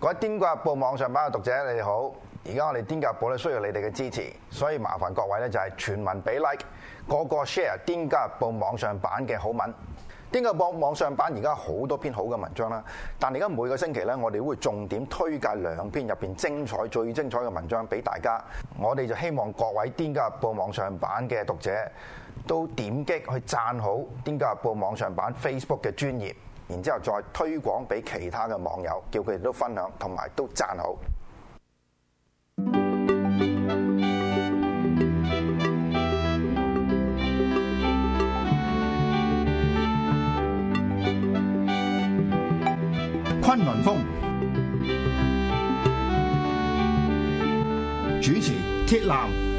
各位《癲狗日報》網上版嘅讀者，你哋好！而家我哋《癲狗日報》咧需要你哋嘅支持，所以麻煩各位咧就係全民俾 like，個個 share《癲狗日報》網上版嘅好文。《癲狗日報》網上版而家好多篇好嘅文章啦，但而家每個星期咧，我哋會重點推介兩篇入面精彩、最精彩嘅文章俾大家。我哋就希望各位《癲狗日報》網上版嘅讀者都點擊去讚好《癲狗日報》網上版 Facebook 嘅專頁然之後再推廣俾其他嘅網友，叫佢哋都分享同埋都讚好。崑崙風主持鐵男，鐵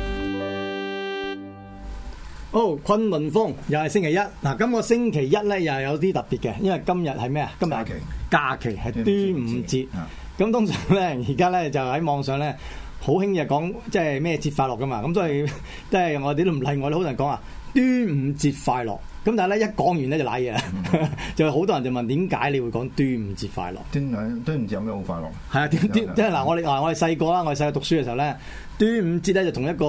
哦，oh, 崑崙風又係星期一嗱，今、那個星期一咧又有啲特別嘅，因為今日係咩啊？今日假期係端午節，咁通常咧而家咧就喺網上咧好興嘅講，即係咩節快樂噶嘛？咁所以即係 我哋都唔例外，都好多人講啊，端午節快樂。咁但係咧一講完咧就瀨嘢啦，就好、mm hmm. 多人就問點解你會講端午節快樂？端午端午節有咩好快樂？係啊，即係嗱，我哋嗱我哋細個啦，我哋細個讀書嘅時候咧，端午節咧就同一個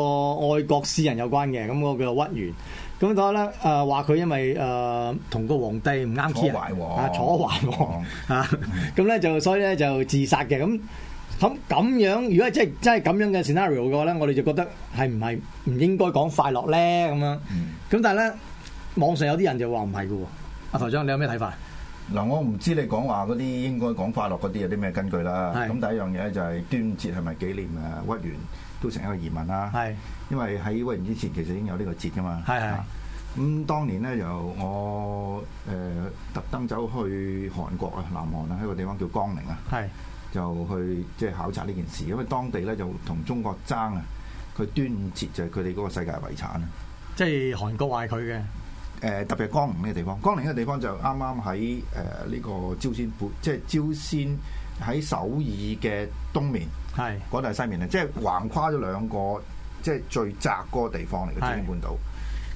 愛國詩人有關嘅，咁、那個叫屈原。咁點解咧？誒，話佢因為誒同個皇帝唔啱、啊，楚懷王，楚懷王啊，咁咧、啊、就所以咧就自殺嘅。咁咁樣，如果即係真係咁樣嘅 scenario 嘅話咧，我哋就覺得係唔係唔應該講快樂咧？咁樣、mm，咁、hmm. 但係咧。網上有啲人就話唔係嘅，阿台長你有咩睇法？嗱，我唔知你講話嗰啲應該講快樂嗰啲有啲咩根據啦。咁是第一樣嘢就係端午節係咪紀念誒屈原都成一個疑問啦。係是，因為喺屈原之前其實已經有呢個節噶嘛。係係。咁、啊、當年咧由我誒、呃、特登走去韓國啊，南韓啊，喺個地方叫江陵啊是，就去即係考察呢件事，因為當地咧就同中國爭啊，佢端午節就係佢哋嗰個世界遺產啊。即係韓國話係佢嘅。誒、呃、特別係江寧呢個地方，江寧呢個地方就啱啱喺誒呢個朝鮮半，即係朝鮮喺首爾嘅東面，係嗰度係西面嚟，即、就、係、是、橫跨咗兩個，即、就、係、是、最窄嗰個地方嚟嘅朝鮮半島。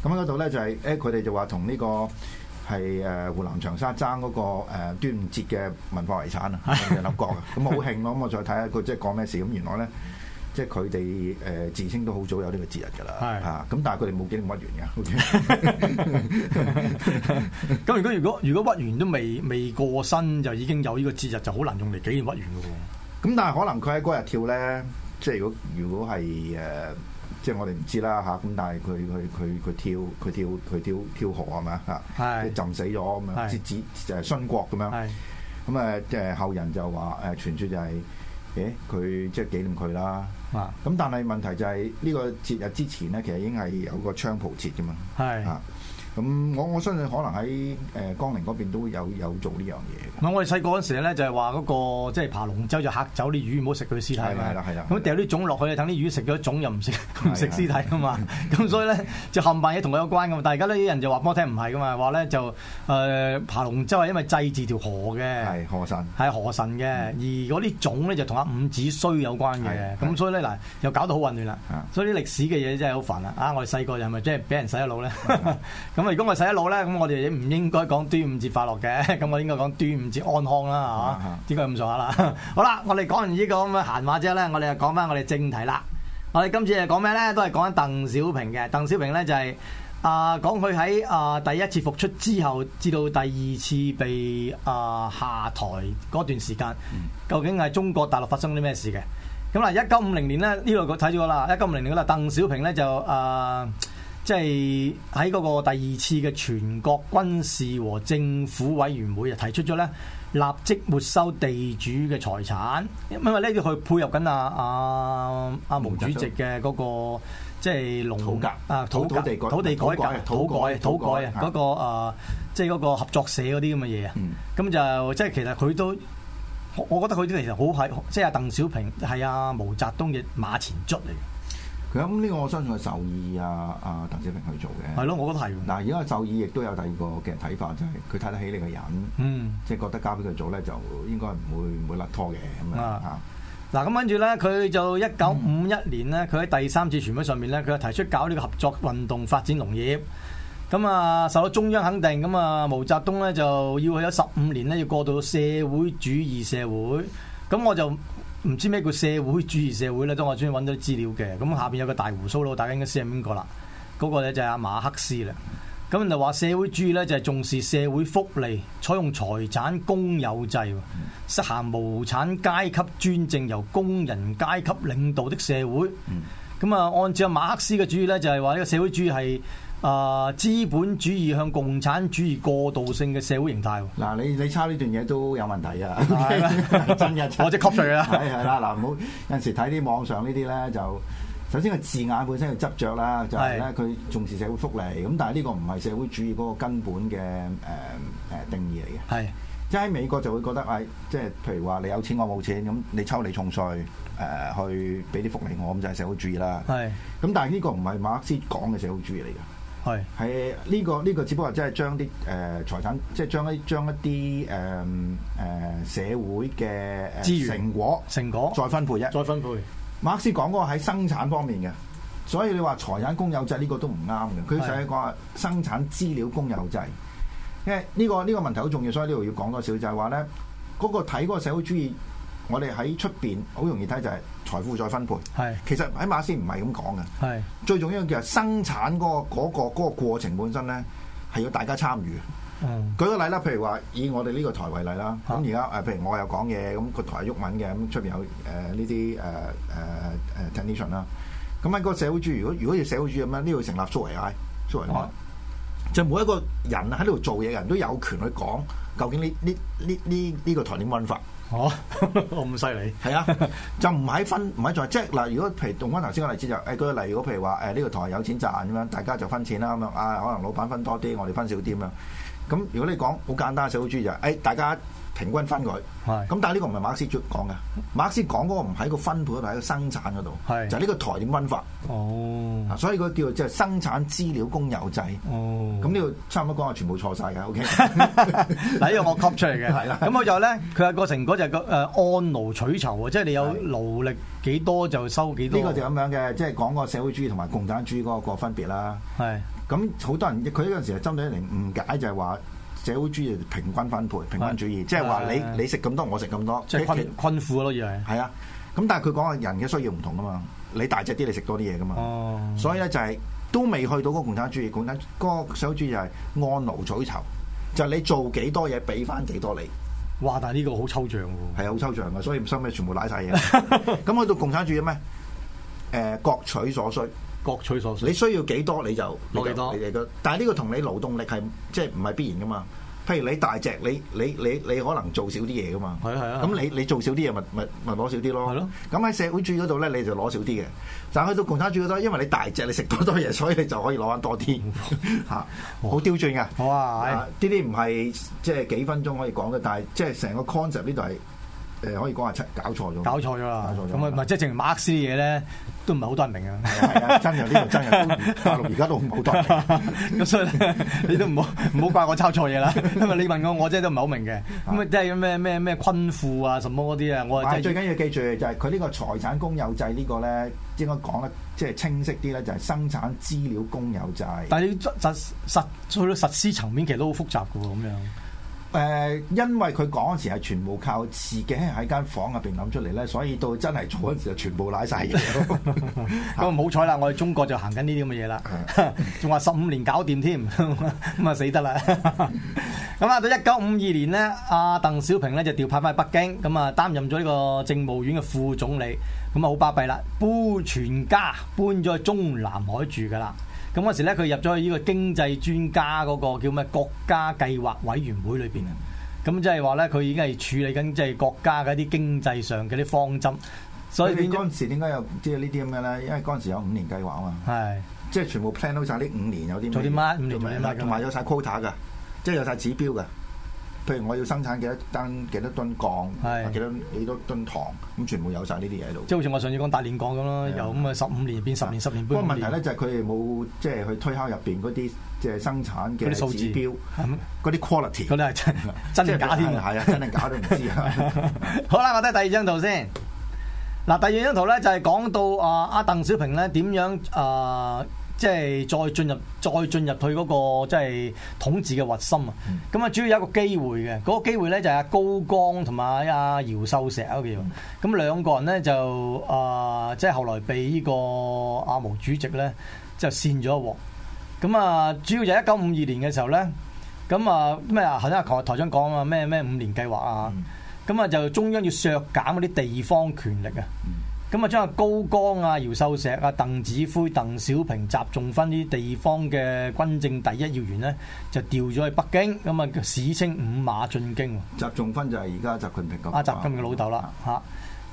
咁嗰度咧就係、是、誒，佢、欸、哋就話同呢個係誒、呃、湖南長沙爭嗰、那個、呃、端午節嘅文化遺產啊，立 國咁好興咯，咁我再睇下佢即係講咩事，咁原來咧。即係佢哋誒自稱都好早有呢個節日㗎啦，咁是但係佢哋冇紀念屈原㗎。咁如果如果如果屈原都未未過身，就已經有呢個節日，就好難用嚟紀念屈原嘅喎。咁但係可能佢喺嗰日跳咧，即係如果如果係，即係我哋唔知啦，咁但係佢佢佢佢跳佢跳佢跳佢跳跳河係咪啊？是浸死咗咁是樣，即係子殉國咁樣。咁，即係後人就話傳説就係、是。誒，佢、欸、即係紀念佢啦。咁、啊、但係問題就係呢個節日之前咧，其實已經係有個菖蒲節噶嘛。是啊。咁我我相信可能喺誒江寧嗰邊都有有做呢樣嘢。咁我哋細個嗰陣時咧就係話嗰個即係爬龍舟就嚇走啲魚，唔好食佢屍體嘛。係啦，係啦。咁掉啲種落去，等啲魚食咗種又唔食食屍體噶嘛。咁所以咧就冚唪唥嘢同佢有關噶嘛。但係而家呢啲人就話俾我聽唔係噶嘛，話咧就誒爬龍舟係因為祭祀條河嘅。係河神。係河神嘅，而嗰啲種咧就同阿伍子胥有關嘅。咁所以咧嗱又搞到好混亂啦。所以啲歷史嘅嘢真係好煩啦。啊，我哋細個又係咪即係俾人洗咗腦咧？咁。咁如果我哋洗得腦咧，咁我哋唔應該講端午節快樂嘅，咁我應該講端午節安康啦，嚇、啊，點解咁上下啦？好啦，我哋講完呢個咁嘅閒話之後咧，我哋就講翻我哋正題啦。我哋今次係講咩咧？都係講緊鄧小平嘅。鄧小平咧就係、是、啊，講佢喺啊第一次復出之後，至到第二次被啊、呃、下台嗰段時間，嗯、究竟係中國大陸發生啲咩事嘅？咁嗱，一九五零年呢，呢度我睇咗啦，一九五零年嗰啦，鄧小平咧就啊。呃即係喺嗰個第二次嘅全國軍事和政府委員會啊，提出咗咧，立即沒收地主嘅財產，因為咧佢配合緊阿阿阿毛主席嘅嗰、嗰個即係農革格啊土改、土地改革、土改、土改嗰個啊，uh, 即係嗰個合作社嗰啲咁嘅嘢啊，咁、嗯、就即係其實佢都我覺得佢啲其實好係即係啊，鄧小平係啊，毛澤東嘅馬前卒嚟。咁呢個我相信係授意啊啊，鄧小平去做嘅。係咯，我覺得係。嗱，而家授意，亦都有第二個嘅睇法，就係佢睇得起你個人，嗯，即係覺得交俾佢做咧，就應該唔會唔會甩拖嘅咁樣嚇。嗱，咁跟住咧，佢樣的、啊、就一九五一年咧，佢喺、嗯、第三次全會上面咧，佢提出搞呢個合作運動發展農業。咁啊，受到中央肯定，咁啊，毛澤東咧就要去咗十五年咧，要過到社會主義社會。咁我就。唔知咩叫社會主義社會咧？當我先揾到資料嘅，咁下面有個大胡鬚佬，大家應該知係邊個啦。嗰個咧就係阿馬克思啦。咁就話社會主義咧就係重視社會福利，採用財產公有制，實行無產階級專政，由工人階級領導的社會。咁啊，按照馬克思嘅主義咧，就係話呢個社會主義係。啊，資本主義向共產主義過渡性嘅社會形態嗱、啊，你你抄呢段嘢都有問題啊！真嘅，我即吸水啦。 係啦，嗱，唔好有陣時睇啲網上呢啲咧，就首先個字眼本身要執着啦、就是，就係咧佢重視社會福利，咁但係呢個唔係社會主義嗰個根本嘅誒誒定義嚟嘅。係，是 即係喺美國就會覺得，誒，即係譬如話你有錢我冇錢，咁你抽你重稅誒、呃、去俾啲福利我，咁就係社會主義啦。係，咁但係呢個唔係馬克思講嘅社會主義嚟㗎。係係，呢個呢個只不過即係將啲誒財產，即係將一將一啲誒誒社會嘅資源成果成果再分配啫，再分配。馬克思講嗰個喺生產方面嘅，所以你話財產公有制呢個都唔啱嘅，佢就係講生產資料公有制。是因為呢個呢個問題好重要，所以呢度要講多少就係話咧，嗰個睇嗰個社會主義。我哋喺出邊好容易睇就係財富再分配。係是，其實喺馬斯唔係咁講嘅。係是，最重要嘅樣係生產嗰個嗰個嗰個過程本身咧，係要大家參與。嗯，舉個例啦，譬如話以我哋呢個台為例啦，咁而家誒譬如我又講嘢，咁個台喐文嘅，咁出邊有誒呢啲誒誒誒 technician 啦。咁、呃、喺、呃呃啊個社會主義，如果如果要社會主義咁樣，呢度成立蘇維埃，蘇維埃，好就每一個人喺度做嘢嘅人都有權去講，究竟呢呢呢呢呢個台點運法？我我咁犀利？係啊，就唔喺分唔喺再即係嗱。如果譬如用翻頭先個例子就，誒，舉個例如如果譬如話誒呢個台有錢賺咁樣，大家就分錢啦咁樣。啊，可能老闆分多啲，我哋分少啲咁樣。咁如果你講好簡單社會主義就係，誒大家平均分佢，咁是但係呢個唔係馬克思講嘅，馬克思講嗰個唔係個分配度，喺個生產嗰度，是就係呢個台點分法。哦，所以佢叫做即係生產資料公有制。哦，咁呢個差唔多講下全部錯晒嘅，OK，係因為我 cut 出嚟嘅。係啦的，咁佢 就呢，咧，佢個成果就係個誒按勞取酬喎。即、就、係、是、你有勞力幾多就收幾多。呢個就咁樣嘅，即係講個社會主義同埋共產主義嗰個分別啦。咁好多人佢呢個時候針對一啲誤解就是說，就係話社會主義平均分配，平均主義，即係話你的你食咁多，我食咁多，即係均均，其均，均富咯，而係啊！咁但係佢講嘅人嘅需要唔同噶嘛，你大隻啲，你食多啲嘢噶嘛，哦、所以咧就係、是、都未去到嗰個共產主義。共產嗰個社會主義就係按勞取酬，就係、是、你做幾多嘢，俾翻幾多你。哇！但係呢個好抽象喎，係好抽象嘅，所以唔收咩全部拉晒嘢。咁 去到共產主義咩？誒、呃，各取所需。各取所需，你需要幾多你就攞幾多，多你你。但係呢個同你勞動力係即係唔係必然噶嘛？譬如你大隻，你你你你，你可能做少啲嘢噶嘛。係啊係啊。咁你你做少啲嘢，咪咪咪攞少啲咯。係咯的。咁喺社會主義嗰度咧，你就攞少啲嘅。但係去到共產主義嗰度，因為你大隻，你食多多嘢，所以你就可以攞翻多啲嚇。好、哦、 刁鑽㗎。哇、哦！呢啲唔係即係幾分鐘可以講嘅，但係即係成個 concept 呢度係。可以講係搞錯咗，搞錯咗啦！咁啊，唔係即係淨係馬克思啲嘢咧，都唔係好多人明嘅。係 啊，真嘅呢個真嘅，而家 都唔好多人。咁 所以你都唔好唔好怪我抄錯嘢啦。 因為你問我，我真係都唔係好明嘅。咁啊，即係咩咩咩均富啊，什麼嗰啲啊，我係、就是、最緊要記住就係佢呢個財產公有制這個呢個咧，應該講得即係清晰啲咧，就係、是、生產資料公有制。但係要實實去到實施層面，實實其實都好複雜嘅喎，咁樣。誒，因為佢講嗰時係全部靠自己喺間房入邊諗出嚟咧，所以到真係坐嗰時就全部賴晒、 嗯。嘢、嗯。咁好彩啦，我哋中國就行緊呢啲咁嘅嘢啦，仲話十五年搞掂添，咁啊死得啦！咁、嗯、啊、 嗯、 到一九五二年咧，阿鄧小平咧就調派翻北京，咁啊擔任咗呢個政務院嘅副總理，咁啊好巴閉啦，搬全家搬咗去中南海住噶啦。咁嗰時咧，佢入咗去依個經濟專家嗰個叫咩國家計劃委員會裏邊啊！咁即係話咧，佢已經係處理緊即係國家嗰啲經濟上嗰啲方針。所以嗰陣時點解有即係呢啲咁嘅咧？因為嗰陣時有五年計劃啊嘛。係，即係全部 plan 好晒呢五年有啲做啲乜？五年同埋有晒 quota 㗎，即係有晒指標㗎。譬如我要生產幾多噸幾多噸鋼，幾多幾多噸糖，咁全部有晒呢啲嘢喺度。即係好似我上次講大連鋼咁咯，的由咁啊十五年變十年，十的年不過問題咧就係佢哋冇即係去推敲入邊嗰啲即係生產嘅數字標，嗰啲些 quality 的。嗰啲係真，真定假添啊？係啊，真定假都唔知啊！ 好啦，我睇第二張圖先。嗱，第二張圖咧就係講到啊，阿鄧小平咧點樣啊？呃即係再進入再進入佢嗰，那個即係統治嘅核心啊！咁啊，主要有一個機會嘅嗰，那個機會咧，就係阿高崗同埋阿饒漱石嗰個咁兩個人咧就啊，呃，即係後來被呢個阿毛主席咧就扇咗一鑊。咁啊，主要就係一九五二年嘅時候咧，咁啊咩啊，頭先阿台長講啊，咩咩五年計劃啊，咁啊、嗯，就中央要削減嗰啲地方權力啊。嗯咁啊，將阿高崗、啊、姚秀石啊、鄧子恢、鄧小平習仲勳呢啲地方嘅軍政第一要員呢，就調咗去北京。咁啊，史稱五馬進京。習仲勳就係而家習近平咁。阿習近平嘅老豆啦。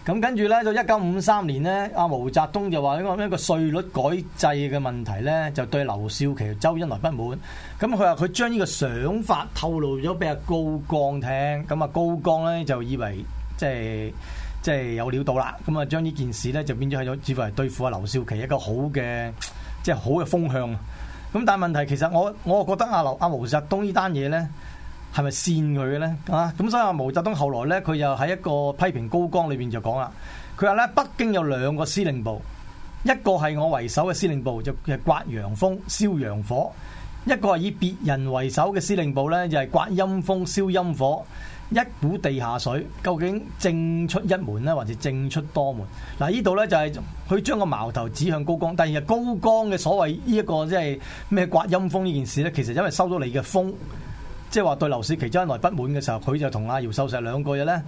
咁跟住咧，到一九五三年呢，阿毛澤東就話，呢個稅率改制嘅問題咧，就對劉少奇、周恩來不滿。咁佢話：佢將呢個想法透露咗俾阿高崗聽。咁啊，高崗咧就以為即係。即係有料到啦，咁啊將呢件事咧就變咗係似乎係對付阿劉少奇一個好嘅即係好嘅風向。咁但係問題其實我我覺得阿劉阿毛澤東呢單嘢咧係咪煽佢嘅咧啊？咁所以阿毛澤東後來咧佢又喺一個批評高崗裏面就講啦，佢話咧北京有兩個司令部，一個係我為首嘅司令部就係刮陽風燒陽火，一個係以別人為首嘅司令部咧就係刮陰風燒陰火。一股地下水究竟正出一門呢，還是正出多門？嗱，呢度呢，就係佢將個矛頭指向高崗，但係高崗嘅所謂呢一個即係咩刮陰風呢件事呢？其實因為收到你嘅風，即係話對劉少奇真係不滿嘅時候，佢就同阿饒漱石兩個嘢呢，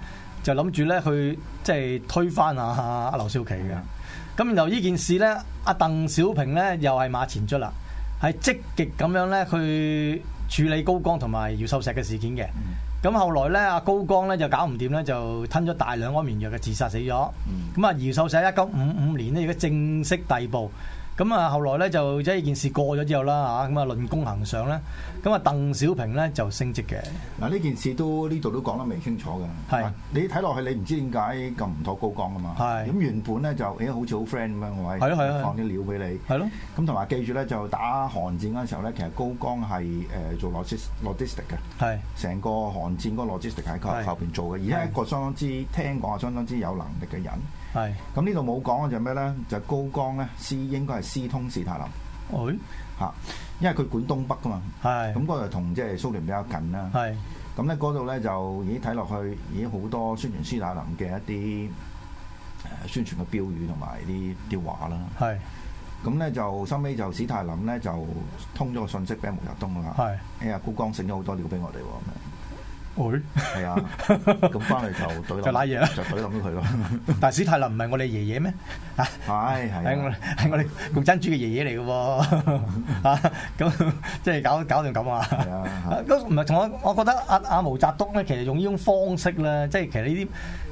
就諗住呢去即係推翻阿劉少奇嘅。咁然後呢件事呢，阿鄧小平呢，又係馬前卒啦，係積極咁樣呢去處理高崗同埋饒漱石嘅事件嘅。咁後來咧，阿高崗咧就搞唔掂咧，就吞咗大量安眠藥嘅自殺死咗。咁啊，饒漱石一九五五年咧，亦都正式逮捕。咁啊，後來咧就即係件事過咗之後啦，嚇咁啊，論功行賞咧，咁啊，鄧小平咧就升職嘅。嗱，呢件事都呢度都講得未清楚嘅。係，你睇落去你唔知點解咁唔妥高崗㗎嘛？係。咁原本咧就誒好似好 friend 咁樣，我係放啲料俾你。係咯。咁同埋記住咧，就打韓戰嗰陣時候咧，其實高崗係誒做 logistics logistic 嘅。係。成個韓戰嗰個 logistics 係佢後邊做嘅，而係一個相當之聽講係相當之有能力嘅人。係，咁、嗯、呢度冇講嘅就係咩咧？就是、高江咧，應該係私通史泰林，嚇、哎，因為佢管東北㗎嘛，咁嗰度同即係蘇聯比較近啦，咁咧嗰度咧就，已經睇落去，已經好多宣傳史泰林嘅一啲宣傳嘅標語同埋啲啲話啦，咁咧是的、嗯、就收尾就史泰林咧就通咗個信息俾毛澤東啦，是的 因為高江醒咗好多料俾我哋喎。會係啊，咁翻嚟就懟落就拉嘢啦，就懟落咗佢咯。但史泰林唔係我哋爺爺咩？啊，係係係，我哋係我哋共產主嘅爺爺嚟嘅喎。啊，咁即係搞搞成咁啊。係啊，都唔係同我，我覺得阿阿毛澤東咧，其實用呢種方式咧，即係其實呢啲。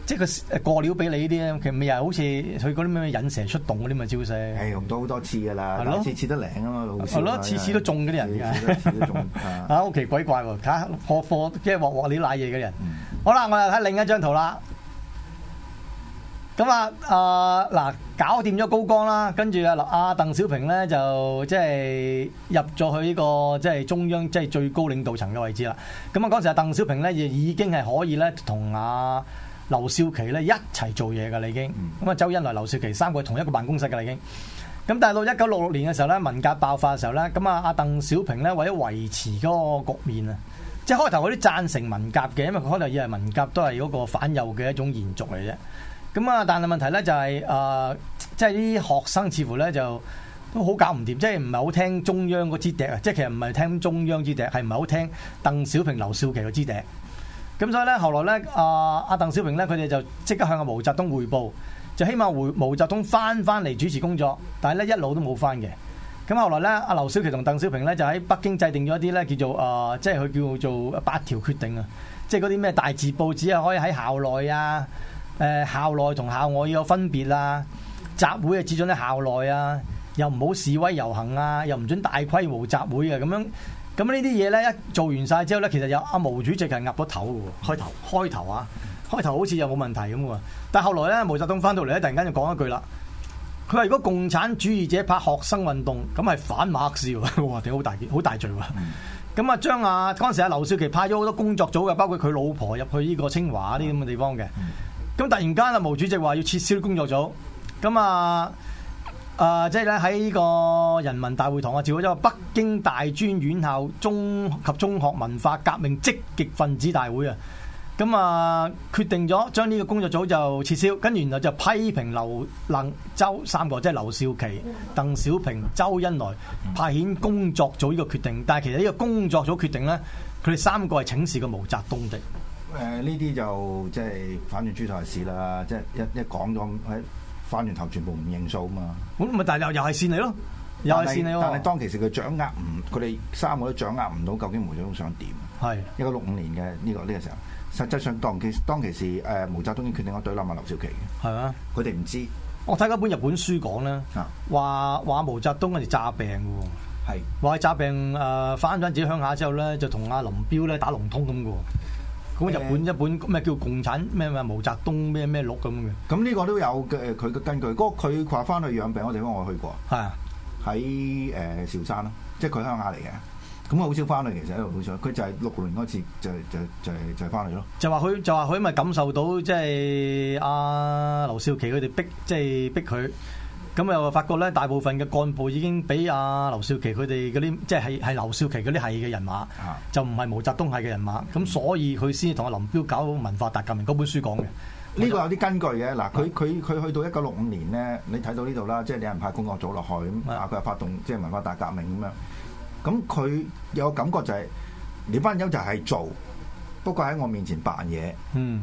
即係個過料俾你呢啲咧，其實咪又係好似佢嗰啲咩引蛇出洞嗰啲咪招式，係用到好多次噶啦，的次次都靈啊嘛，老實係咯，次次都中嗰啲人啊，好奇鬼怪喎，睇下破貨即係鑊鑊你賴嘢嘅人。嗯、好啦，我又睇另一張圖啦。咁啊，啊嗱，搞掂咗高光啦，跟住啊，阿鄧小平咧就即係入咗去呢個即係中央即係最高領導層嘅位置啦。咁啊，嗰時阿鄧小平咧亦已經係可以咧同啊。劉少奇咧一齊做嘢噶啦，已經咁啊，周恩來、劉少奇三個喺同一個辦公室噶啦，已經咁。但係到一九六六年嘅時候咧，文革爆發嘅時候咧，咁啊阿鄧小平咧為咗維持嗰個局面啊，即係開頭嗰啲贊成文革嘅，因為佢開頭以為文革都係嗰個反右嘅一種延續嚟啫。咁啊，但係問題咧就係、是、啊、呃，即係啲學生似乎咧就都好搞唔掂，即係唔係好聽中央嗰支笛啊，即係其實唔係聽中央支笛，係唔係好聽鄧小平、劉少奇嘅支笛。咁所以咧，後來咧，阿、呃、阿鄧小平咧，佢哋就即刻向阿毛澤東匯報，就希望毛毛澤東返返嚟主持工作，但係咧一路都冇返嘅。咁後來咧，阿劉少奇同鄧小平咧就喺北京制定咗一啲咧叫做啊、呃，即係佢叫做八條決定啊，即係嗰啲咩大字報紙啊可以喺校內啊，誒校內同校外要有分別啊，集會啊只准喺校內啊，又唔好示威遊行啊，又唔准大規模集會啊，咁樣。咁呢啲嘢咧一做完晒之後咧，其實有阿毛主席係壓個頭喎，開頭開頭啊，開頭好似又冇問題咁喎，但係後來咧，毛澤東翻到嚟咧，突然間就講一句啦，佢話如果共產主義者拍學生運動，咁係反馬克思喎，我話好大件好大罪喎，咁、嗯、啊將啊嗰陣時阿劉少奇派咗好多工作組嘅，包括佢老婆入去呢個清華啲咁嘅地方嘅，咁突然間啊，毛主席話要撤銷工作組，咁啊。啊、呃，即係咧喺，呢個人民大會堂啊，召開咗北京大專院校中及中學文化革命積極分子大會、嗯、啊，咁啊決定咗將呢個工作組就撤銷，跟住然後就批評劉、鄧周三個，即係劉少奇、鄧小平、周恩來派遣工作組呢個決定。但係其實呢個工作組決定咧，佢哋三個係請示過毛澤東的。誒、呃，呢啲就即係反正出台事啦，即係一一講咗喺。翻完頭全部唔認數嘛，咁咪但係又又係線你咯，又係線你咯。但。但係當其時佢掌握唔，佢哋三個都掌握唔到究竟毛澤東想點。係一九六五年嘅呢個呢個時候，實際上當其當其時，誒毛澤東已經決定要對立埋劉少奇嘅。係是啊，佢哋唔知。我睇咗本日本書講咧，話話毛澤東嗰時詐病嘅喎，係話佢詐病誒翻咗自己鄉下之後咧，就同阿林彪咧打龍通咁嘅喎。咁日本一本咩叫共產咩咩毛澤東咩咩鹿咁嘅，咁呢個都有嘅佢嘅根據。嗰、嗰個佢話翻去養病嗰地方，我去過。係啊，喺誒韶山咯，即係佢鄉下嚟嘅。咁佢好少翻去，其實一路好少。佢就係六零嗰次就，就就就就翻嚟咯。就話佢就話佢咪感受到即係阿劉少奇佢哋逼即係、即係、逼佢。咁又發覺咧，大部分嘅幹部已經俾阿、啊、劉少奇佢哋嗰啲，即係係劉少奇嗰啲係嘅人馬，就唔係毛澤東係嘅人馬。咁所以佢先至同阿林彪搞文化大革命嗰本書講嘅。呢個有啲根據嘅。嗱說，佢佢佢去到一九六五年咧，你睇到呢度啦，即係你人派工作組落去咁，佢的又發動即係文化大革命咁樣，咁佢有個感覺就係、是，你班友就係做，不過喺我面前扮嘢。嗯。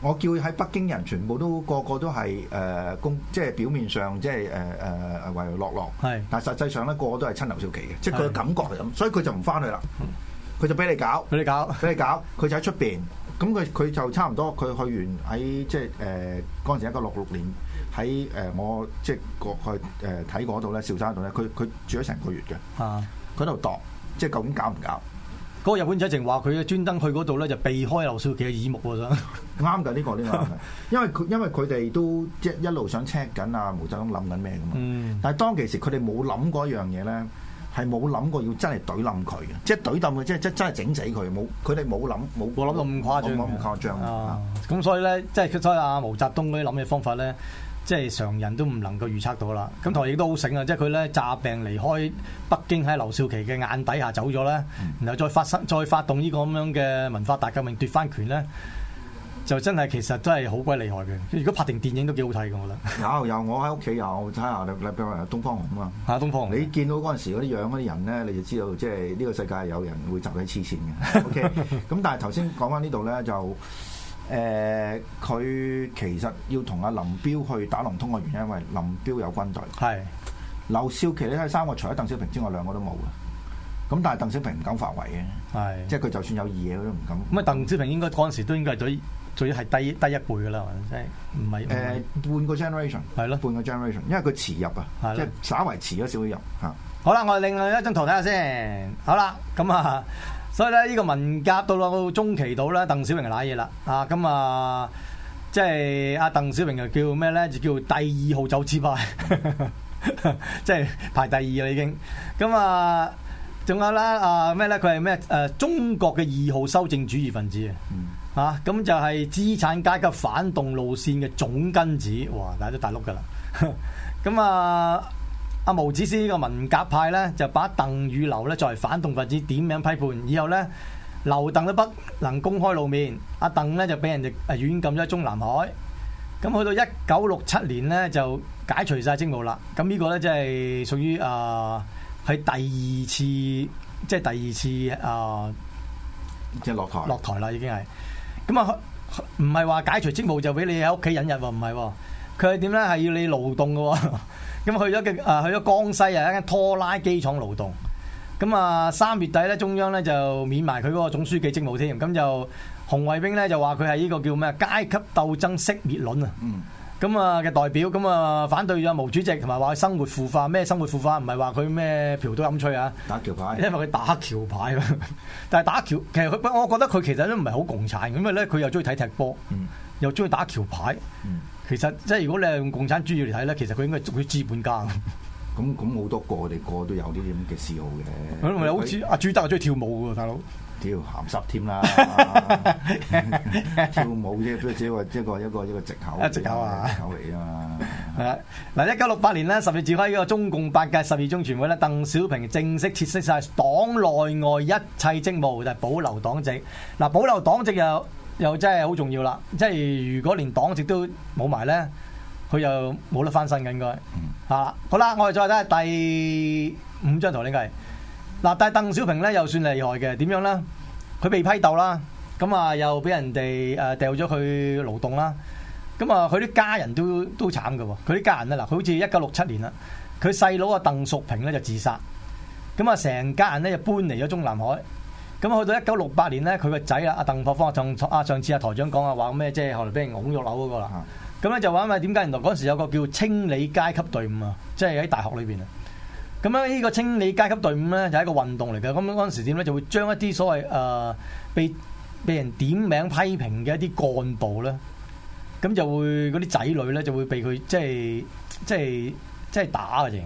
我叫喺北京人，全部都個個都係誒、呃、公，即係表面上即係誒誒唯唯諾諾，呃呃、落落是 但係實際上咧個個都係親劉少奇嘅，是 即係佢感覺係、就、咁、是，所以佢就唔翻去啦，佢就俾你搞，俾、嗯、你搞，俾 你搞，佢就喺出邊，咁佢佢就差唔多，佢去完喺即係誒嗰陣時，一九六六年喺誒我即係過去誒睇嗰度咧，韶、就是呃呃、山度咧，佢佢住咗成個月嘅，佢喺度度即係究竟搞唔搞？嗰個日本仔成話佢專登去嗰度咧，就避開劉少奇嘅耳目喎，想啱噶呢個呢個，因為佢因為佢哋都即係一路想 check 緊啊，毛澤東諗緊咩咁啊？但係當其時佢哋冇諗過一樣嘢咧，係冇諗過要真係懟冧佢嘅，即係懟冧佢，即係即真係整死佢，冇佢哋冇諗，冇我諗咁誇張，我唔誇張啊！咁所以咧，即係所以啊，毛澤東嗰啲諗嘅方法咧。即係常人都唔能夠預測到啦。咁台亦都好醒啊！即係佢咧詐病離開北京，喺劉少奇嘅眼底下走咗咧，然後再發生再發動呢個咁樣嘅文化大革命奪翻權咧，就真係其實都係好鬼厲害嘅。如果拍定電影都幾好睇嘅我諗。有有，有我喺屋企有睇下《東方紅》啊嘛。東方紅！你見到嗰陣時嗰啲樣嗰啲人咧，你就知道即係呢個世界有人會集體黐線嘅。 OK，咁但係頭先講翻呢度咧就。誒，佢、呃、其實要同阿林彪去打龍通嘅原因，因為林彪有軍隊。係。是的 劉少奇咧，三個除咗鄧小平之外，兩個都冇嘅。咁但係鄧小平唔敢發圍嘅。係。是的 即係佢就算有意嘢，佢都唔敢。咁啊，鄧小平應該嗰陣時都應該係最、最係低、低一輩嘅啦，即係唔係？誒、呃，半個 generation 係咯，半個 generation，因為佢遲入啊，即係稍為遲咗少少入嚇。好啦，我哋另外一張圖睇下先。好啦，咁啊。所以咧，呢個文革到到中期到咧、啊啊，鄧小平就瀨嘢啦，啊咁啊，即係阿鄧小平就叫咩咧？就叫第二號走資派， 即係排第二啦已經。咁啊，仲有啦、啊，啊咩咧？佢係咩？中國嘅二號修正主義分子啊，咁就係、是、資產階級反動路線嘅總根子。哇！大家都大陸噶啦，咁啊～啊阿毛子思呢個文革派咧，就把鄧與劉咧作為反動分子，點樣批判？以後咧，劉鄧都不能公開露面。阿鄧咧就俾人就軟禁咗喺中南海。咁去到一九六七年咧就解除晒職務啦。咁呢個咧即係屬於啊，佢第二次，即係第二次啊，即係落台落台啦，已經係。咁啊，唔係話解除職務就俾你喺屋企隱忍喎，唔係喎，佢係點咧？係要你勞動噶喎。咁去咗嘅，啊去咗江西又有一間拖拉機廠勞動。咁啊，三月底咧，中央咧就免埋佢嗰個總書記職務添。咁就紅衛兵咧就話佢係呢個叫咩階級鬥爭熄滅論啊。咁啊嘅代表，咁啊反對咗毛主席，同埋話佢生活腐化，咩生活腐化？唔係話佢咩嫖賭飲吹啊？打橋牌，因為佢打橋牌。但係打橋，其實佢，我覺得佢其實都唔係好共產，因為咧佢又中意睇踢波，又中意打橋牌。嗯其實即係如果你用共產主義嚟睇咧，其實佢應該係屬於資本家咁。咁好多個，我哋個個都有呢啲咁嘅嗜好嘅。咁咪好似阿朱德鍾意跳舞嘅大佬跳。跳鹹濕添啦！ 跳舞啫，即係即係一個一個一個藉口。藉口啊，藉口嚟啊。係啦，嗱，一九六八年咧，十月召開呢個中共八屆十二中全會咧，鄧小平正式撤銷晒黨內外一切職務，就係、是、保留黨籍。嗱，保留黨籍又。又真係好重要啦！即係如果連黨籍都冇埋咧，佢又冇得翻身嘅應該。啊，好啦，我哋再睇下第五張圖咧，係嗱，但係鄧小平咧又算厲害嘅，點樣咧？佢被批鬥啦，咁啊又俾人哋誒掉咗去勞動啦，咁啊佢啲家人都都慘嘅喎，佢啲家人咧嗱，佢好似一九六七年啦，佢細佬啊鄧淑平咧就自殺，咁啊成家人咧就搬離咗中南海。咁去到一九六八年咧，佢個仔啊，阿鄧樸方啊，上啊上次阿台長講啊話咩，即係後來俾人拱咗樓嗰個啦。咁咧就話因為點解原來嗰陣時有個叫清理階級隊伍啊，即係喺大學裏邊啊。咁咧呢個清理階級隊伍咧就係一個運動嚟嘅。咁嗰陣時點咧就會將一啲所謂誒、呃、被被人點名批評嘅一啲幹部咧，咁就會嗰啲仔女咧就會被佢即係即係即係打嘅型。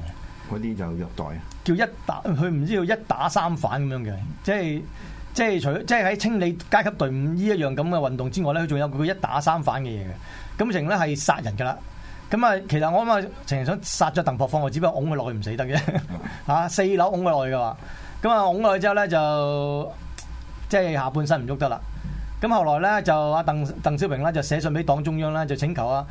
嗰啲就虐待啊！叫一打佢唔知道叫一打三反咁樣嘅，即係即係除即係喺清理階級隊伍呢一樣咁嘅運動之外咧，佢仲有佢一,一打三反嘅嘢嘅。咁程咧係殺人㗎啦，咁啊，其實我啊程想殺咗鄧樸方，我只不過拱佢落去唔死得嘅，四樓拱佢落去嘅話，咁啊拱佢落去之後咧就即係下半身唔喐得啦。咁後來咧就阿鄧鄧小平咧就寫信俾黨中央啦，就請求啊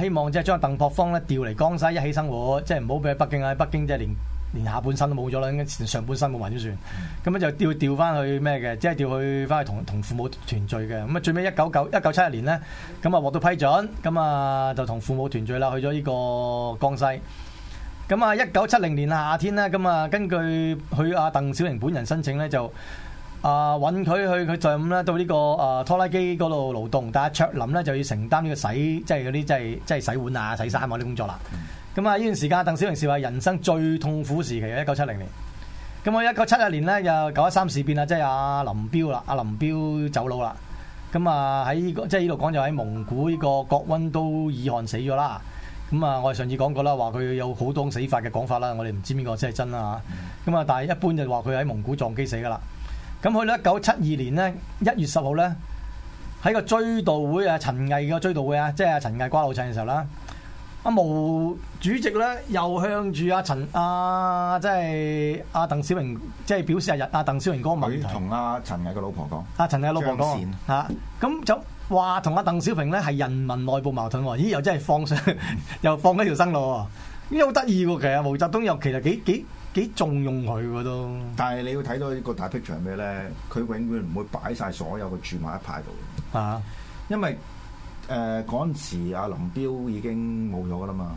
希望即係將鄧樸方咧調嚟江西一起生活，即係唔好俾喺北京啊，喺北京即係連。連下半身都冇咗啦，上半身冇埋先算。咁咧，嗯、就要調翻去咩嘅？即係調去翻去同同父母團聚嘅。咁啊，最尾一九九一九七一年呢，咁啊獲到批准，咁啊就同父母團聚啦，去咗呢個江西。咁啊，一九七零年夏天呢，咁啊根據佢阿鄧小玲本人申請呢，就啊允許去佢就咁呢，到呢個啊拖拉機嗰度勞動，但阿卓林呢，就要承擔呢個洗，即係嗰啲即係即係洗碗啊、洗衫嗰啲工作啦。咁啊！呢段時間，鄧小平是話人生最痛苦時期嘅一九七零年。咁啊，一九七一年咧，又九一三事變啦，即係阿林彪啦，阿林彪走佬啦。咁啊喺呢個，即係呢度講就喺蒙古呢個郭溫都爾汗死咗啦。咁啊，我上次講過啦，話佢有好多死法嘅講法啦，我哋唔知邊個真係真啦，咁啊，mm. 但係一般就話佢喺蒙古撞機死噶啦。咁去到一九七二年呢，一月十號咧，喺個追悼會啊，陳毅個追悼會啊，即係阿陳毅瓜老襯嘅時候啦。阿毛主席咧，又向住阿陳阿即係阿鄧小平，即係表示下日阿鄧小平哥問：佢同阿陳毅嘅老婆講。阿陳毅嘅老婆講。線啊，咁就話同阿鄧小平咧係人民內部矛盾喎。咦，又真係放上，嗯、又放咗條生路喎。咦，好得意喎，其實毛澤東又其實幾幾幾重用佢嘅都。但係你要睇到呢個大 picture 咩咧？佢永遠唔會擺晒所有嘅住埋一派度。啊，因為。誒嗰陣時，阿林彪已經冇咗噶啦嘛，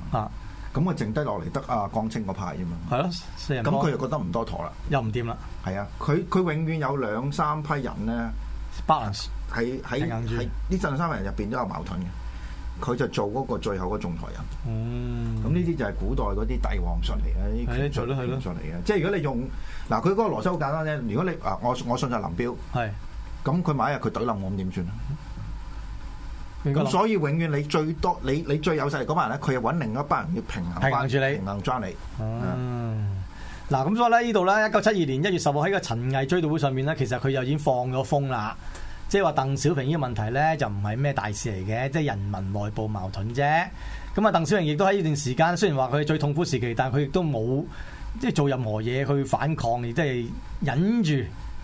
咁我、啊、剩低落嚟得阿江青嗰派啫嘛，係咯，咁佢又覺得唔多妥啦，又唔掂啦，係啊，佢佢永遠有兩三批人咧，balance 喺喺喺呢陣三批人入邊都有矛盾嘅，佢就做嗰個最後個仲裁人，嗯，咁呢啲就係古代嗰啲帝王術嚟嘅，係咯係咯，係咯嚟嘅，即係如果你用嗱，佢嗰了個邏輯好簡單啫，如果你啊我我信就林彪，係是，咁佢買啊佢懟冧我咁點算啊？咁所以永遠你最多你你最有勢力嗰班人咧，佢又搵另一班人要平衡，係硬住你，平衡抓你。嗱、嗯，咁、嗯啊、所以咧，呢度咧，一九七二年一月十號喺個陳毅追悼會上面咧，其實佢又已經放咗風啦，即係話鄧小平呢個問題咧就唔係咩大事嚟嘅，即係人民內部矛盾啫。咁啊，鄧小平亦都喺呢段時間，雖然話佢最痛苦時期，但係佢亦都冇即係做任何嘢去反抗，亦即係忍住。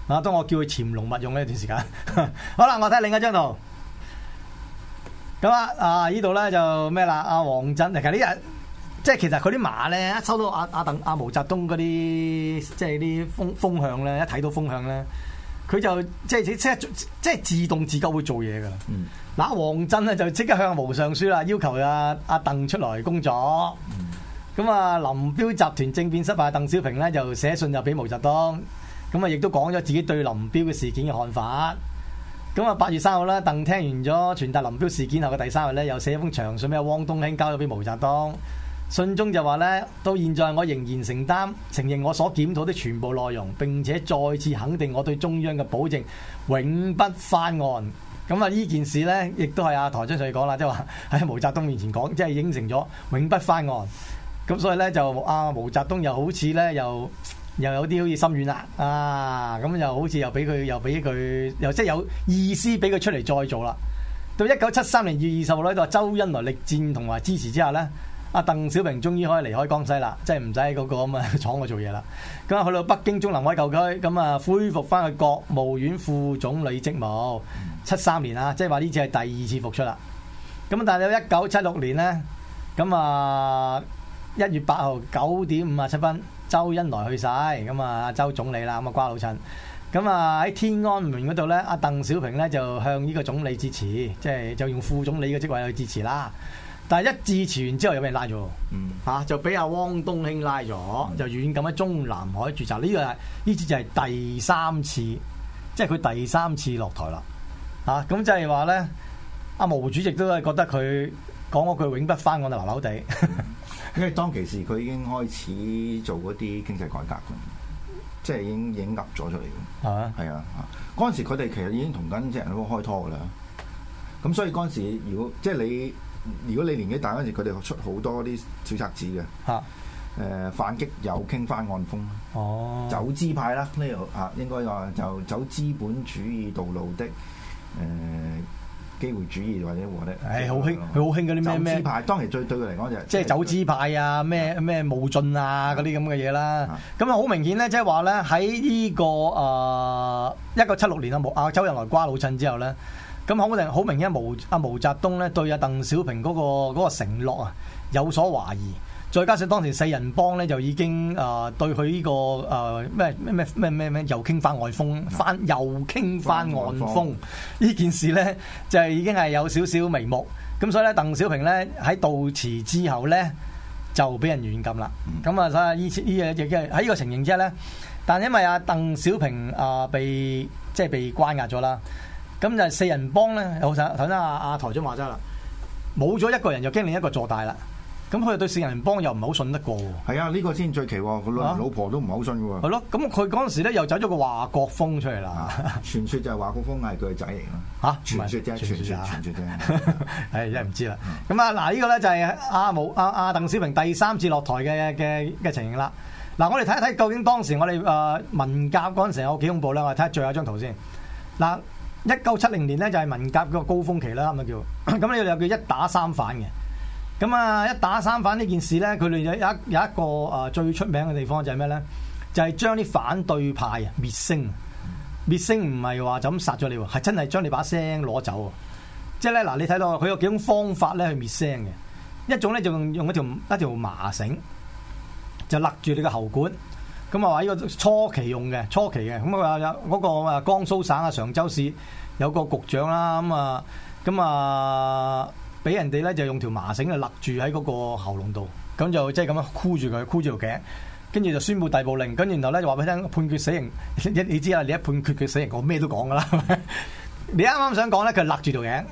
啊，當我叫佢潛龍勿用咧，呢段時間。 好啦，我睇下另一張圖。咁啊！啊呢度咧就咩啦？阿王震其實呢日，即係其實佢啲馬咧一收到阿阿鄧阿毛澤東嗰啲，即係啲風風向咧，一睇到風向咧，佢就即係即即係自動自覺會做嘢噶啦。嗱，嗯、王震咧就即刻向毛上書啦，要求阿阿鄧出來工作。咁啊，林彪集團政變失敗，鄧小平咧就寫信就俾毛澤東，咁啊亦都講咗自己對林彪嘅事件嘅看法。咁啊，八月三號咧，鄧聽完咗傳達林彪事件後嘅第三日咧，又寫一封長信俾汪東興，交咗俾毛澤東。信中就話咧，到現在我仍然承擔，承認我所檢討的全部內容，並且再次肯定我對中央嘅保證，永不翻案。咁啊，呢件事咧，亦都係阿、啊、台長上去講啦，即係話喺毛澤東面前講，即係應承咗永不翻案。咁所以咧，就阿、啊、毛澤東又好似咧又。又有啲好似心軟啦，啊咁又好似又俾佢又俾佢又即係有意思俾佢出嚟再做啦。到一九七三年二月二十號咧，都話周恩來力戰同埋支持之下咧，阿鄧小平終於可以離開江西啦，即係唔使喺嗰個咁嘅廠度做嘢啦。咁啊去到北京中南海舊區，咁啊恢復翻去國務院副總理職務。嗯、七三年啦，即係話呢次係第二次復出啦。咁但係到一九七六年咧，咁啊一月八號九點五啊七分。周恩來去晒，咁啊，周總理啦，咁啊瓜老襯，咁啊喺天安門嗰度咧，阿鄧小平咧就向呢個總理致辭，即係就用副總理嘅職位去致辭啦。但係一致辭完之後有了，有咩人拉咗？嗯，就俾阿汪東興拉咗，就軟禁喺中南海住宅。呢個係呢次就係第三次，即係佢第三次落台啦。啊，咁即係話咧，阿毛主席都係覺得佢講嗰句永不翻案就流流地。 因為當其時佢已經開始做嗰啲經濟改革即係已經已經噏咗出嚟嘅。嚇係、uh huh. 啊！嗰陣時佢哋其實已經同緊即人都開拖嘅啦。咁所以嗰陣時，如果即係你，如果你年紀大嗰陣時，佢哋出好多啲小冊子嘅。嚇誒、uh huh. 反擊右傾翻案風哦，uh huh. 走資派啦，呢個嚇應該話就走資本主義道路的、呃機會主義或者或者，係好興佢好興嗰啲咩咩派。當其最對佢嚟講就係即係走資派，啊咩咩冒進啊嗰啲咁嘅嘢啦。咁啊好明顯咧、這個，即係話咧喺呢個啊一九七六年啊，毛阿周恩來瓜老襯之後咧，咁好定好明顯毛阿毛澤東咧對阿鄧小平嗰、那個嗰、那個承諾啊有所懷疑。再加上當時四人幫咧就已經啊對佢呢個啊咩咩咩咩咩咩右傾翻案風，翻又右傾翻案風呢件事咧就已經係有少少眉目，咁所以咧鄧小平咧喺悼詞之後咧就俾人軟禁啦，咁啊所以依亦喺呢個情形之下咧，但因為阿鄧小平啊被即係被關押咗啦，咁就四人幫咧好想等下阿台長話齋啦，冇咗一個人就驚另一個坐大啦。咁佢又對四人幫又唔係好信得過喎。係啊，呢、呢個先最奇，佢老，老婆都唔係好信喎。係咯，咁佢嗰陣時咧又走咗個華國鋒出嚟啦、啊。傳説就係華國鋒係佢嘅仔型啦。嚇！傳説即係傳説，傳説即係，係真係唔知啦。咁啊，嗱呢個咧就係阿毛阿阿鄧小平第三次落台嘅嘅嘅情形啦。嗱、啊，我哋睇一睇究竟當時我哋誒、啊、文革嗰陣時有幾恐怖咧。我哋睇下最後張圖先。嗱、啊，一九七零年咧就係、是、文革嗰個高峰期啦，咁啊叫，咁咧又叫一打三反嘅。咁啊！一打三反呢件事咧，佢哋有有一有一個啊最出名嘅地方就係咩咧？就係將啲反對派啊滅聲。滅聲唔係話就咁殺咗你喎，係真係將你把聲攞走喎。即係咧嗱，你睇到佢有幾種方法咧去滅聲嘅，一種咧就用用一條一條麻繩就勒住你個喉管，咁啊話呢個初期用嘅，初期嘅咁啊話有嗰個啊江蘇省啊常州市有個局長啦，咁啊咁啊。俾人哋咧就用條麻繩嚟勒，勒住喺嗰個喉嚨度，咁就即係咁樣箍住佢，箍住條頸，跟住就宣佈逮捕令，跟住然後咧就話俾佢聽判決死刑。你，你知啦，你一判決佢死刑，我咩都講噶啦。 你啱啱想講咧，佢勒住條頸，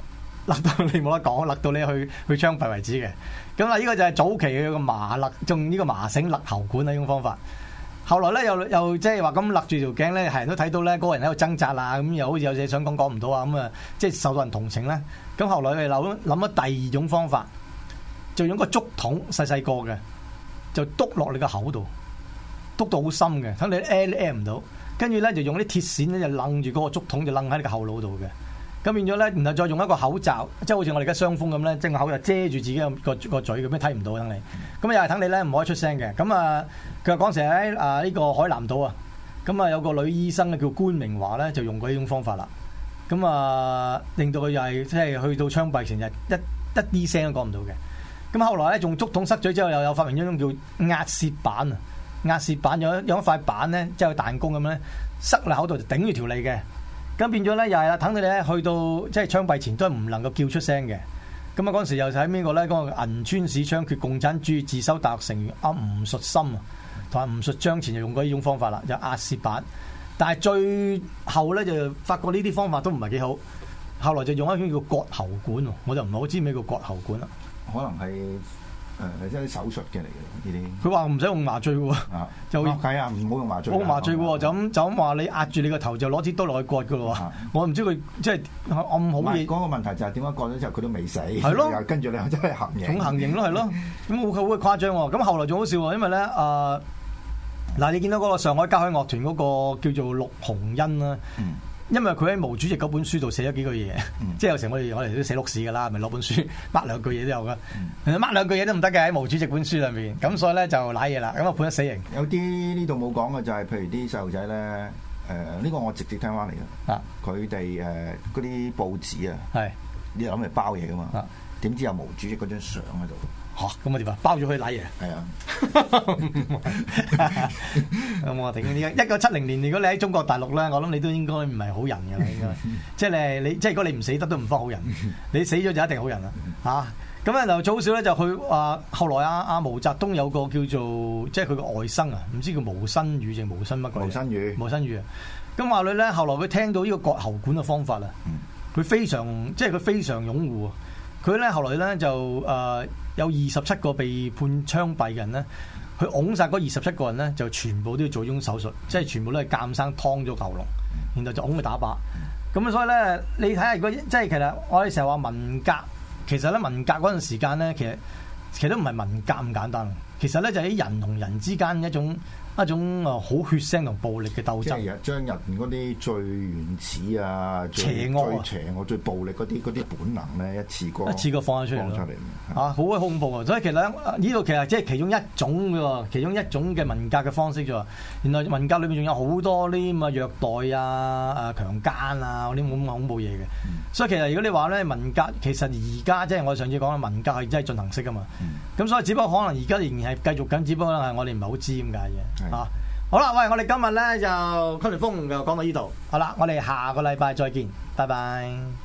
勒到你冇得講，勒到你去去槍斃為止嘅。咁啊，呢個就係早期嘅個麻勒，用呢個麻繩勒喉管啊，呢種方法。後來咧又又即係話咁勒住條頸咧，係人都睇到咧，個人喺度掙扎啦，咁又好似有嘢想講講唔到啊，咁啊即係受到人同情啦。咁後來佢諗諗咗第二種方法，就用個竹筒細細個嘅，就篤落你個口度，篤到好深嘅，等你嗌都嗌唔到。跟住咧就用啲鐵線咧就楞住嗰個竹筒，就楞喺你個後腦度嘅。咁變咗咧，然後再用一個口罩，即係好似我哋而家傷風咁咧，即口罩遮住自己個個嘴，咁樣睇唔到等你，咁又係等你咧唔可以出聲嘅。咁啊，佢話嗰時喺啊呢個海南島啊，咁啊有個女醫生咧叫官明華咧，就用過呢種方法啦。咁啊令到佢又係即係去到槍斃成日，一一啲聲都講唔到嘅。咁後來咧，用竹筒塞嘴之後，又有發明一種叫壓舌板啊，壓舌板有有一塊板咧，即係彈弓咁咧塞落口度就頂住條脷嘅。咁變咗咧，又係啊！等佢哋咧去到即係槍斃前都係唔能夠叫出聲嘅。咁啊嗰陣時又喺邊個咧？嗰個銀川市槍決共產主義自修大學成員阿吳術森啊，同阿吳術張前就用過呢種方法啦，就壓舌板。但係最後咧就發覺呢啲方法都唔係幾好，後來就用一種叫割喉管，我就唔係好知咩叫割喉管啦。可能係。即係手術嘅嚟嘅呢啲。佢話唔使用麻醉喎，啊、就冇解唔好用麻醉了。好麻醉喎，就咁就咁話你壓住你個頭就攞支刀落去割嘅喎。啊、我唔知佢即係唔好嘢。講、個問題就係點解割咗之後佢都未死？係咯，跟住咧真係行刑。總行刑咯，係咯。 咁好誇張喎、哦！咁後來仲好笑喎、哦，因為咧啊，嗱、呃、你見到嗰個上海交響樂團嗰個叫做陸紅恩啦。嗯因為佢喺毛主席嗰本書度寫咗幾句嘢，嗯、即係有時我哋我哋都寫碌屎噶啦，咪攞本書掹兩句嘢都有噶，掹、嗯、兩句嘢都唔得嘅喺毛主席本書上面。咁所以咧就瀨嘢啦，咁啊判咗死刑有些這裡沒說的。有啲呢度冇講嘅就係、是、譬如啲細路仔咧，誒、呃、呢、這個我直接聽翻嚟嘅，啊佢哋誒嗰啲報紙啊，係是的 你諗嚟包嘢噶嘛，點、啊、知有毛主席嗰張相喺度。吓咁我點啊？那了包咗佢奶嘢係啊 ！咁我頂你一九七零年，如果你喺中國大陸咧，我諗你都應該唔係好人嘅，應該 即係你，你即係如果你唔死得都唔分好人，你死咗就一定好人啦嚇！咁啊，就早少咧就去啊，後來啊，啊毛澤東有個叫做即係佢個外甥啊，唔知叫毛新宇定毛新乜鬼？毛新宇，毛新宇。咁話你咧，後來佢聽到呢個割喉管嘅方法啦，佢非常即係佢非常擁護。佢咧後來咧就誒。啊有二十七個被判槍斃嘅人咧，佢擁殺嗰二十七個人咧，就全部都要做種手術，即係全部都係監生劏咗喉嚨，然後就擁佢打靶。咁所以咧，你睇下如果即係其實我哋成日話文革，其實咧文革嗰陣時間咧，其實其實都唔係文革咁簡單。其實咧就係、是、啲人同人之間一種一種啊好血腥同暴力嘅鬥爭，將人嗰啲最原始啊、最、邪惡啊、最邪惡、最暴力嗰啲嗰啲本能咧一次過一次過放咗出嚟，啊好恐怖啊！所以其實呢度其實即係其中一種㗎喎，其中一種嘅文革嘅方式啫。原來文革裏面仲有好多啲咁嘅虐待啊、啊強姦啊嗰啲恐怖嘢嘅。所以其實如果你話咧文革其實而家即係我上次講嘅文革係真係進行式噶嘛。咁、嗯、所以只不過可能而家仍然係。繼續緊，只不過可能係我哋唔係好知咁解嘅嚇。好啦，喂，我哋今日呢就崑崙風就講到呢度。好啦，我哋下個禮拜再見，拜拜。